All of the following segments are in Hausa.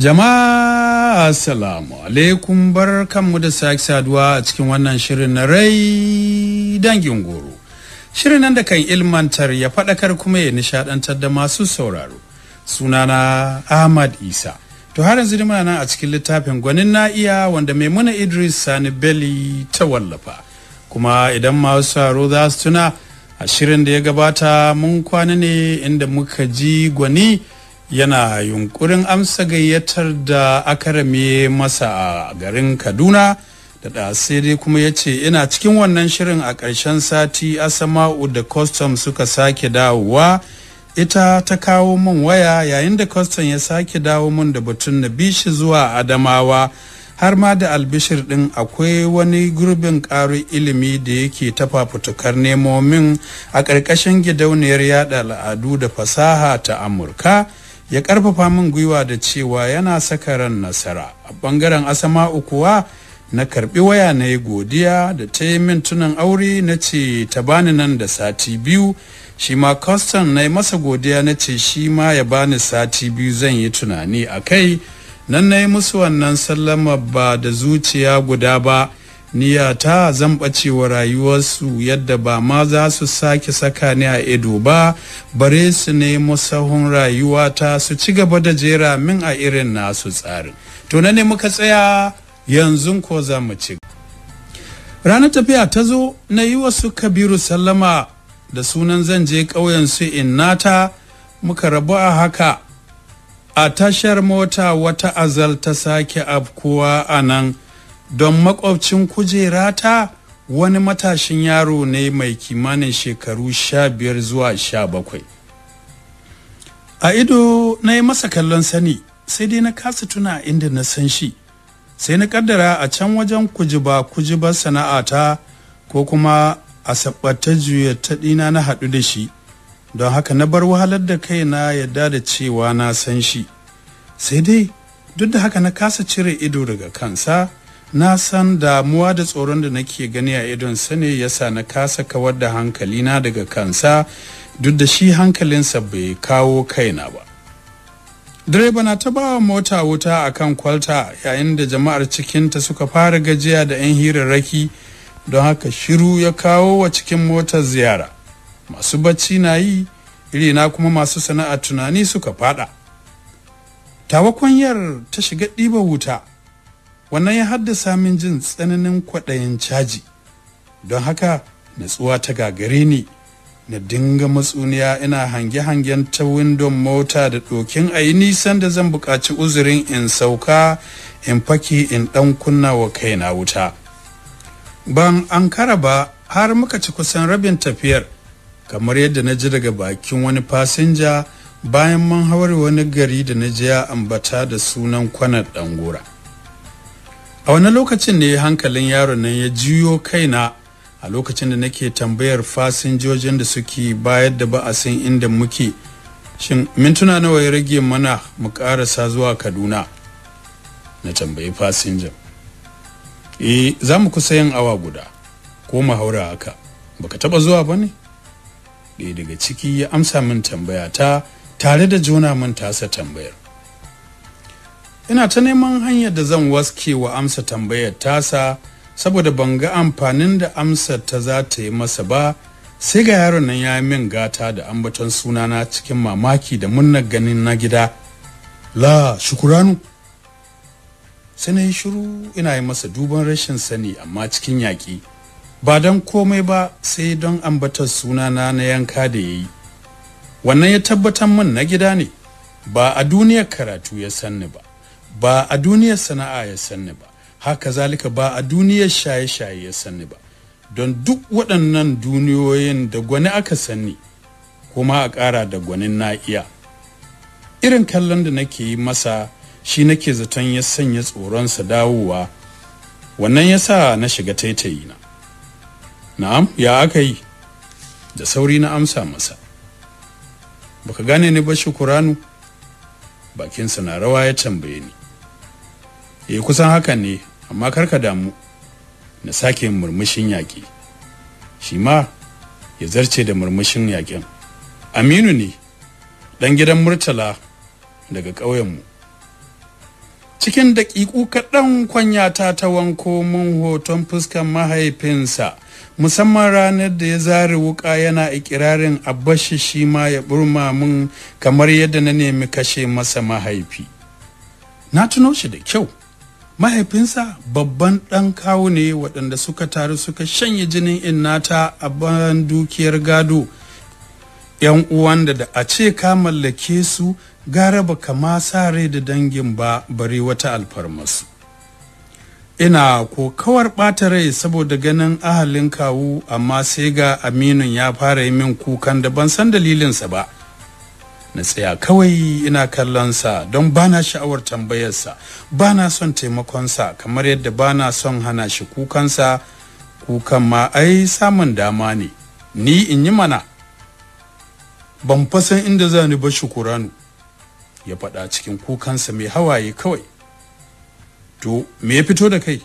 Jama'a Assalamu alaikum bar kanmu da sake saduwa a cikin wannan shirin na rai dangin goro. Shirin nan da kan ilmantar ya faɗakar kuma ya nishaɗantar da masu sauraro. Sunana Ahmad Isa. To har yanzu muna nan a cikin littafin gwanin na iya wanda Maimuna Idris Sani beli ta wallafa. Kuma idan masu sauraro za su tuna a shirin da ya gabata mun kwana ne inda muka ji gwani yana yunkurin amsa gayyatar da aka rame masa a garin kaduna da da sai dai kuma ya ce ina cikin wannan shirin a ƙarshen sati asama'u da custom suka sake dawowa ita ta kawo min waya yayin da custom ya sake dawo min da batun na bishi zuwa adamawa har ma da albishir din akwai wani gurbin ƙaru ilimi da yake tafafutukar nemomin nemo a ƙarƙashin gidauniyar yada al'adu da fasaha ta amurka ya karfafa min gwiwa da cewa yana saka ran nasara a bangaren asama kuwa na karbi waya na yi godiya da ta yi min tunan aure na ce ta bani nan da sati biyu shi ma kwastan na yi masa godiya na ce shi ma ya bani sati biyu zan yi tunani a kai nan na yi musu wannan sallama ba da zuciya guda ba niyata zan ɓacewa rayuwarsu yadda ba ma za su sake saka ni a ido ba bare su nemo rayuwa ta su ci gaba da jera min a irin nasu tsarin to na ne muka tsaya yanzu ko za mu ci ranar tafiya ta zo na yi wasu kabiru sallama da sunan zan je ƙauyen su innata muka rabu a haka a tashar mota wata azal ta sake afkuwa a nan don makwabcin kujerata wani matashin yaro ne mai kimanin shekaru sha biyar zuwa sha bakwai a ido na yi masa kallon sani sai dai na kasa tuna inda na san shi sai na kaddara a can wajen kujiba kujibar ta, ko kuma a sabbata juya ta dina na haɗu da shi don haka na bar wahalar da kaina yadda da cewa na san shi sai dai duk da haka na kasa cire ido daga kansa na san damuwa da tsoron da nake gani a idon ne yasa na kasa kawar da hankalina daga kansa duk da shi hankalinsa bai kawo kaina ba direba na ta bawa mota wuta a kan kwalta yayin da jama'ar cikinta suka fara gajiya da 'yan hirarraki don haka shiru ya kawo wa cikin motar ziyara masu bacci na yi na kuma masu sana'a tunani suka fada yar ta shiga ɗiba wuta wannan ya haddasa min jin tsananin kwaɗayin caji don haka natsuwa ta gagare ni na dinga matsuniya ina hange-hangen ta windon mota da ɗokin a yi nisan da zan buƙaci uzurin in sauka in faki in ɗan kunna wa kaina wuta ban an kara ba har muka ci kusan rabin tafiyar kamar yadda na ji daga bakin wani fasinja bayan man haure wani gari da na jiya ambata da sunan kwanar ɗangora. a wani lokacin ne hankalin yaron nan ya jiyo kaina a lokacin da nake tambayar fasinjojin da suke bayar da san inda muke shin mintuna nawa ya rage mana mu karasa zuwa kaduna na tambayi fasinjan e za mu kusa yin awa guda ko mu haura haka baka taba zuwa ba ne ɗaya daga ciki ya amsa min tambaya ta tare da jona min tasa tambayar ina ta neman hanyar da zan waske wa amsa tambayar tasa saboda ban ga amfanin da amsa ta za ta yi masa ba sai ga yaron nan ya min gata da ambaton sunana cikin mamaki da munna ganin na gida la shukuranu sai na yi shiru ina yi masa duban rashin sani amma cikin yaƙi ba don komai ba sai don ambatar sunana na yanka da ya yi wannan ya tabbatar min na gida ne ba a duniyar karatu ya sanni ba ba a duniyar sana'a ya sanni ba haka zalika ba a duniyar shaye-shaye ya sanni ba don duk waɗannan duniyoyin da gwani aka sanni kuma a ƙara da gwanin na iya irin kallon da nake yi masa shi nake zaton ya sanya tsoronsa dawowa wannan ya sa na shiga taitayi na. na'am ya aka yi da sauri na amsa masa baka gane ni ba shukuranu bakinsa na rawa ya tambaye ni eh kusan hakan ne amma karka damu na sake murmushin yaƙi shi ma ya zarce da murmushin yaƙin aminu ne ɗan gidan murtala daga ƙauyenmu cikin daƙiƙu kaɗan kwanya ta ta wanko mun hoton fuskan mahaifinsa musamman ranar da ya zari wuƙa yana ikirarin bashi shi ma ya burma mun kamar yadda na nemi kashe masa mahaifi na tuno shi da kyau mahaifinsa babban ɗan kawo ne waɗanda suka taru suka shanye jinin innata a ban dukiyar gado yan uwan da a ce ka mallake su gara ba kama sa rai da dangin ba bari wata alfarmasu ina ko kawar ɓata rai saboda ganin ahalin kawu amma sai ga aminun ya fara yi min kukan da ban san dalilinsa ba na tsaya kawai ina kallon sa don bana sha'awar tambayarsa bana son taimakon sa kamar yadda bana son hana shi kukansa kukan ma ai samun dama ne ni in yi mana ban fasan inda za ni ba shukuranu ya faɗa cikin kukansa mai hawaye kawai to me ya fito da kai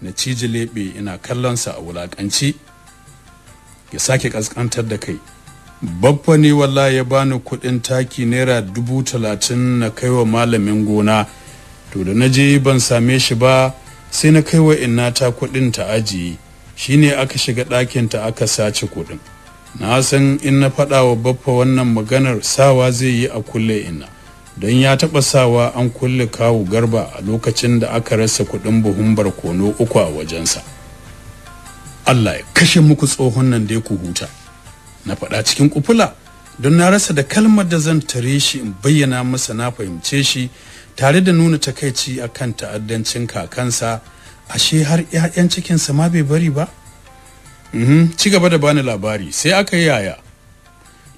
na cije leɓe ina kallonsa a wulakanci ya sake ƙasƙantar da kai baffa ne walla ya bani kuɗin taki naira dubu talatin na kaiwa malamin gona to da na je ban same shi ba sai na kaiwa inna ta kuɗin ta ajiye shi ne aka shiga ɗakin ta aka sace kuɗin na san in na faɗa wa baffa wannan maganar sawa zai yi a kulle ina don ya taɓa sawa an kulle kawu garba a lokacin da aka rasa kuɗin buhun barkono uku a wajensa allah ya kashe muku tsohon nan dai ku huta na faɗa cikin kufula don na rasa da kalmar da zan tare shi in bayyana masa na fahimce shi tare da nuna takaici a akan ta'addancin kakansa ashe har 'ya'yan cikinsa ma bai bari ba mhm, ci gaba da bani labari sai aka yi yaya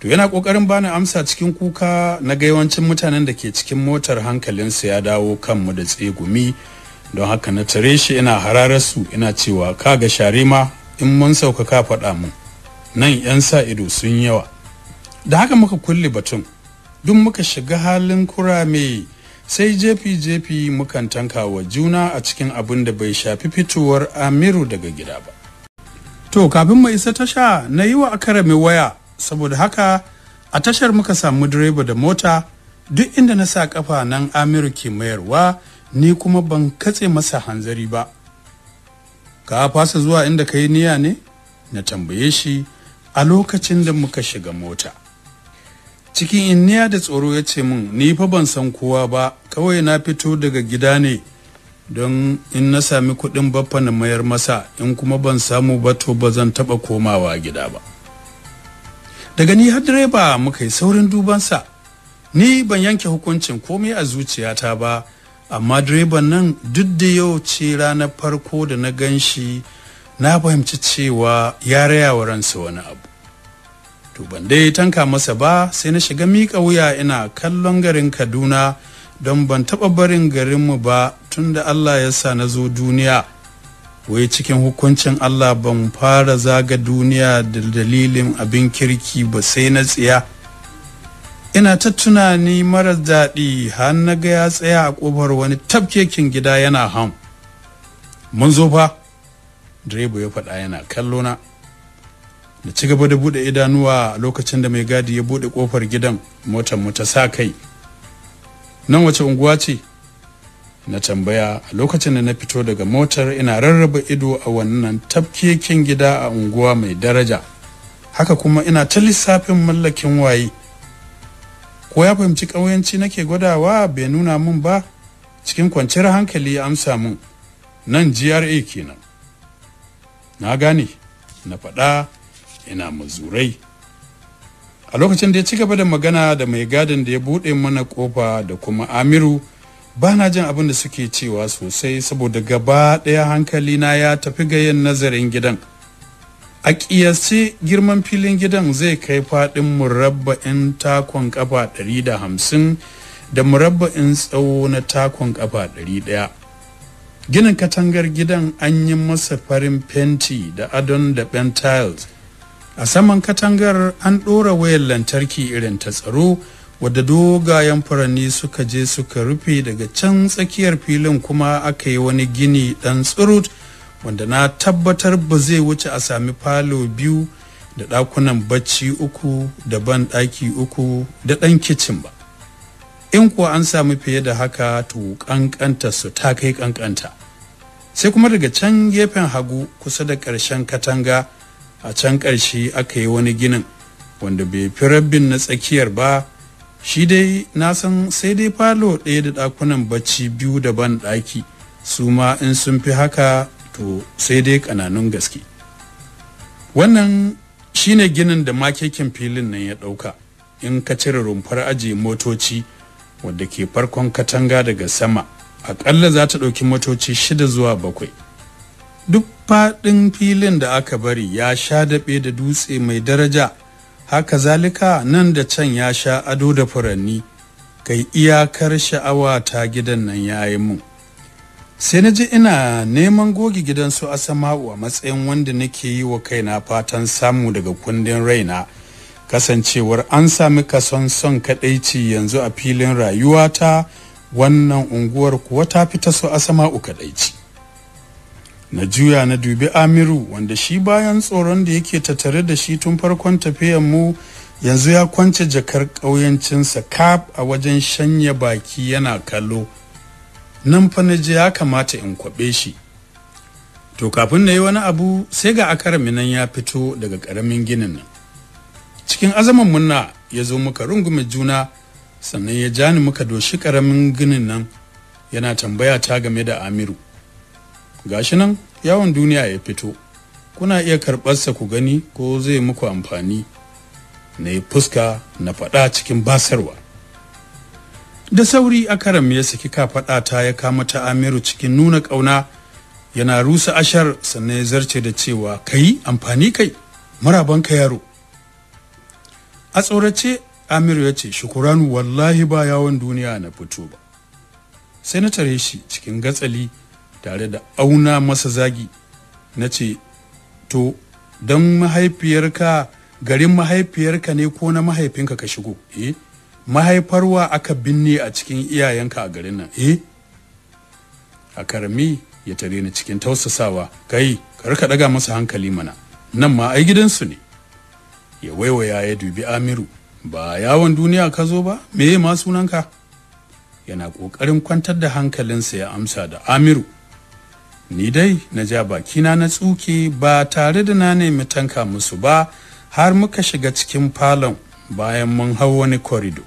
to yana kokarin bani amsa cikin kuka na ga yawancin mutanen da ke cikin motar hankalinsa ya dawo kanmu da tsegumi don haka na tare shi ina hararar su ina cewa kaga share ma in mun sauka ka faɗa mun nan 'yan sa ido sun yawa da haka muka kulle batun duk muka shiga halin kurame sai jefi-jefi mukan tanka wa juna a cikin abin da bai shafi fitowar amiru daga gida ba to kafin mu isa tasha na yi wa akarame waya saboda haka a tashar muka samu direba da mota duk inda na sa kafa nan amiru ke mayarwa ni kuma ban katse masa hanzari ba ka fasa zuwa inda ka yi niyya ne na tambaye shi a lokacin da muka shiga mota cikin inniya da tsoro ya ce min ni fa ban san kowa ba kawai na fito daga gida ne don in na sami kuɗin baffa na mayar masa in kuma ban samu ba to ba zan taɓa komawa gida ba daga ni har direba muka yi saurin dubansa ni ban yanke hukuncin komai a zuciyata ba amma direban nan duk da yau ce ranar farko da na gan shi na fahimci cewa ya rayawa ransa wani abu to ban dai tanka masa ba sai na shiga mika wuya ina kallon garin kaduna don ban taɓa barin garinmu ba tunda allah ya sa na zo duniya wai cikin hukuncin allah ban fara zaga duniya da dalilin abin kirki ba sai na tsiya ina ta tunani marar daɗi har na ga ya tsaya a ƙofar wani tafkekin gida yana ham mun zo fa direba ya faɗa yana kallona da ci gaba da bude idanuwa lokacin da mai gadi ya bude kofar gidan motar mu ta sa kai nan wace unguwa ce na tambaya a lokacin da na fito daga motar ina rarraba ido a wannan tafkekin gida a unguwa mai daraja haka kuma ina ta lissafin mallakin waye ko ya fahimci ƙauyenci nake gwadawa bai nuna min ba cikin kwanciyar hankali ya amsa min nan gra kenan na gane na faɗa ina mazurai a lokacin da ya ci gaba da magana da mai gadin da ya buɗe mana kofa da kuma amiru ba na jin abin da suke cewa sosai saboda gaba ɗaya hankali na ya tafi ga yin nazarin gidan a ƙiyasce girman filin gidan zai kai faɗin murabba'in takon ƙafa ɗari da hamsin da murabba'in tsawo na takon ƙafa ɗari ɗaya ginin katangar gidan an yi masa farin fenti da adon da ben tiles a saman katangar an ɗora wayar lantarki irin ta tsaro wadda dogayen furanni suka je suka rufe daga can tsakiyar filin kuma aka yi wani gini ɗan tsurut wanda na tabbatar ba zai wuce a sami falo biyu da ɗakunan bacci uku da ban ɗaki uku da ɗan kicin ba in kuwa an sami fiye da haka to ƙanƙanta su ta kai ƙanƙanta sai kuma daga can gefen hagu kusa da ƙarshen katanga a can ƙarshe aka yi wani ginin wanda bai fi rabin na tsakiyar ba shi dai na san sai dai falo ɗaya da ɗakunan bacci biyu da ban ɗaki su ma in sun fi haka to sai dai ƙananun gaske wannan shi ne ginin da makekin filin nan ya ɗauka in ka cire rumfar ajiye motoci wadda ke farkon katanga daga sama aƙalla za ta ɗauki motoci shida zuwa bakwai duk faɗin filin da aka bari ya sha daɓe da dutse mai daraja haka zalika nan da can ya sha ado da furanni kai iyakar sha'awa ta gidan nan ya yi mun sai na ji ina neman goge gidan su asama'u a matsayin wanda nake yi wa kaina fatan samu daga kundin raina kasancewar an sami kason son kadaici yanzu a filin rayuwata wannan unguwar kuwa ta fita su asama'u kadaici na juya na dubi amiru wanda shi bayan tsoron da yake tattare da shi tun farkon tafiyan mu yanzu ya kwance jakar ƙauyancinsa kaf a wajen shanya baki yana kallo nan fa na je ya kamata in kwaɓe shi to kafin na yi wani abu sai ga akarami nan ya fito daga ƙaramin ginin nan cikin azaman munna ya zo muka rungume juna sannan ya ja ni muka doshi ƙaramin ginin nan yana tambaya ta game da amiru gashi nan yawon duniya ya fito kuna iya karɓarsa ku gani ko zai muku amfani na yi fuska na faɗa cikin basarwa da sauri a akaram ya saki kafaɗa ta ya kama ta amiru cikin nuna ƙauna yana rusa ashar sannan ya zarce da cewa ka yi amfani kai maraban ka yaro a tsorace amiru ya ce shukuranu wallahi ba yawon duniya na fito ba sai na tare shi cikin gatsali tare da auna masa zagi na ce to don mahaifiyarka garin mahaifiyarka ne ko na mahaifinka ka shigo eh mahaifarwa aka binne a cikin iyayenka a garin nan eh a karami ya tare ni cikin tausasawa kai ka daga masa hankali mana nan ma ai gidansu ne ya waiwaya ya dubi amiru ba yawon duniya ka zo ba me ma sunanka yana ƙoƙarin kwantar da hankalinsa ya amsa da amiru ni dai na ja bakina na tsuke ba tare da na nemi tanka musu ba har muka shiga cikin falon bayan mun hau wani korido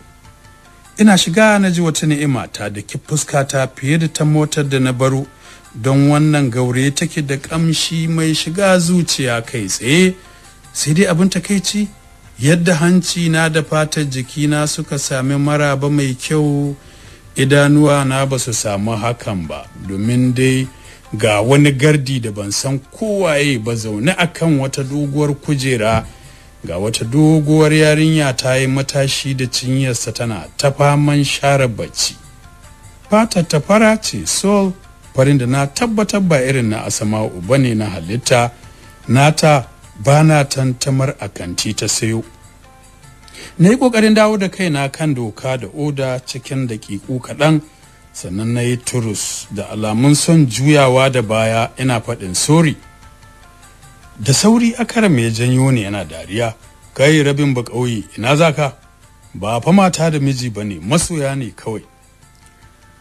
ina shiga na ji wata ni'ima ta da ki fuskata fiye da ta motar da na baro don wannan gaure take da ƙamshi mai shiga zuciya kai tsaye sai dai abin takaici yadda hanci na da fatar jikina suka sami maraba mai kyau idanuwa na ba su samu hakan ba domin dai ga wani gardi da ban san kowaye ba zaune a kan wata doguwar kujera ga wata doguwar yarinya ta yi matashi da cinyarsa tana ta faman share bacci fatar ta fara ce sol farin da na tabbatar ba irin na asama'u ba ne na halitta nata ba na tantamar a kanti ta sayo na yi ƙoƙarin dawo da kaina kan doka da oda cikin daƙiƙu kaɗan sannan na yi turus da alamun son juyawa da baya ina faɗin sori da sauri a kara mai janyo ne yana dariya kai rabin ba ina za ka ba fa mata da miji ba ne masoya ne kawai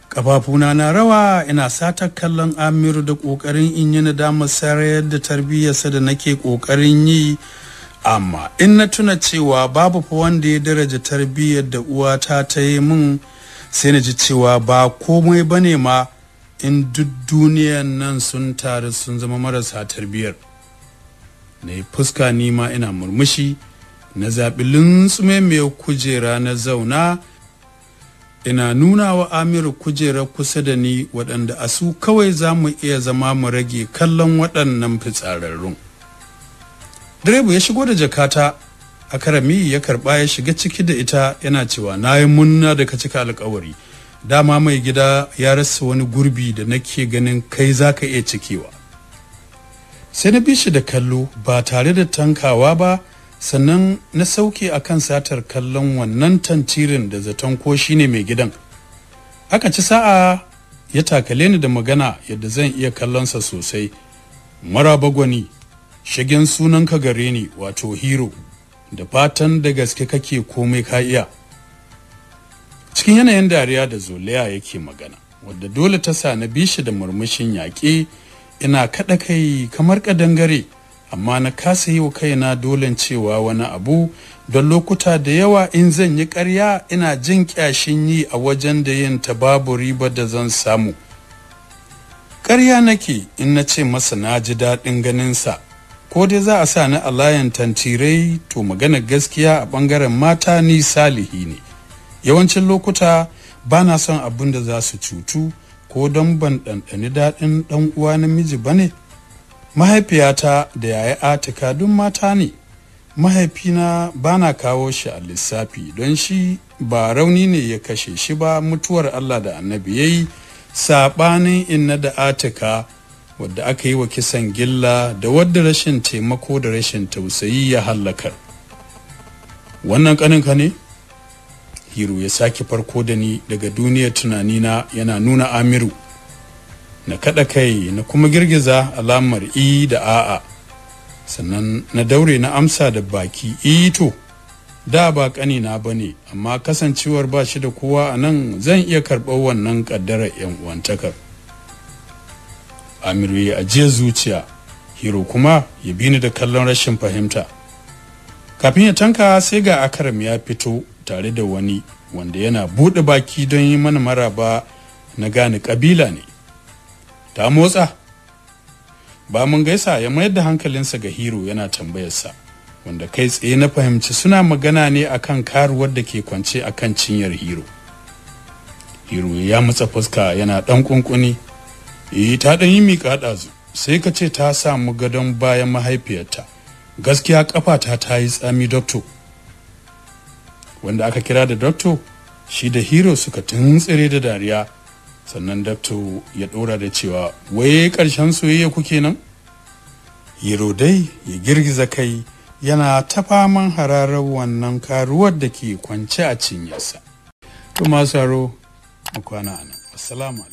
ƙafafuna na rawa ina sata kallon amiru da ƙoƙarin in yi na damar sarayar da tarbiyyarsa da nake ƙoƙarin yi amma in na tuna cewa babu fa wanda ya daraja tarbiyyar da uwata ta yi min sai na ji cewa ba komai ba ne ma in duk duniyan nan sun taru sun zama marasa tarbiyyar na yi fuska nima ina murmushi na zaɓi lintsume mai kujera na zauna ina nuna wa amiru kujera kusa da ni waɗanda a su kawai za mu iya zama mu rage kallon waɗannan fitsararrun Direbu ya shigo da jakata a akarami ya karba ya shiga ciki da ita yana cewa na yi munna da ka cika alkawari dama mai gida ya rasa wani gurbi da nake ganin kai za ka iya cikewa sai na bi shi da kallo ba tare da tankawa ba sannan na sauke a kan satar kallon wannan tantirin da zaton ko shi ne mai gidan aka ci sa'a ya takale ni da magana yadda zan iya kallonsa sosai marabagwani bagwani shigen sunanka gare ni wato hero da fatan da gaske kake komai ka iya cikin yanayin dariya da zolaya yake magana wadda dole ta sa na bishi da murmushin yaƙi ina kaɗa kai kamar ƙadangare amma na kasa yi wa kaina dolen cewa wani abu don lokuta da yawa in zan yi ƙarya ina jin ƙyashin yi a wajen da yin ta babu riba da zan samu ƙarya nake in na ce masa na ji daɗin ganinsa ko dai za a sa ni a layan tantirai to magana gaskiya a bangaren mata ni salihi ne yawancin lokuta ba na son abin da za su cutu ko don ban ɗanɗani daɗin ɗan uwa namiji ba ne mahaifiyata da yaya atika duk mata ne mahaifina ba na kawo shi a lissafi don shi ba rauni ne ya kashe shi ba mutuwar allah da annabi ya yi saɓanin inna da atika wadda aka yi wa kisan gilla da wadda rashin taimako da rashin tausayi ya hallaka wannan kaninka ne hiru ya sake farko da ni daga duniyar tunanina yana nuna amiru na kaɗa kai na kuma girgiza alamar i da a'a sannan na daure na amsa da baki to? da ba ƙanina ba ne amma kasancewar ba shi da kowa a nan zan iya karɓar wannan ƙaddarar 'yan uwantakar. amiru ya ajiye zuciya hiro kuma ya bi ni da kallon rashin fahimta kafin ya tanka sai ga akaram ya fito tare da wani wanda yana buɗe baki don yi mana maraba na gane ƙabila ne ta motsa ba mun gaisa ya mayar da hankalinsa ga hiro yana tambayarsa wanda kai tsaye na fahimci suna magana ne akan karuwar da ke kwance akan cinyar hiro hiro ya matsa fuska yana ɗan ƙunƙuni eh ta dan yi miƙa ɗazu sai ka ce ta samu gadon bayan mahaifiyarta gaskiya kafata ta yi tsami doctor wanda aka kira da doctor shi da hero suka tuntsire da dariya sannan doctor ya ɗora da cewa waye ƙarshen soyayya kuke nan hero dai ya girgiza kai yana ta faman hararar wannan karuwar da ke kwance a cinyarsa to masu haro mu kwana nan assalamu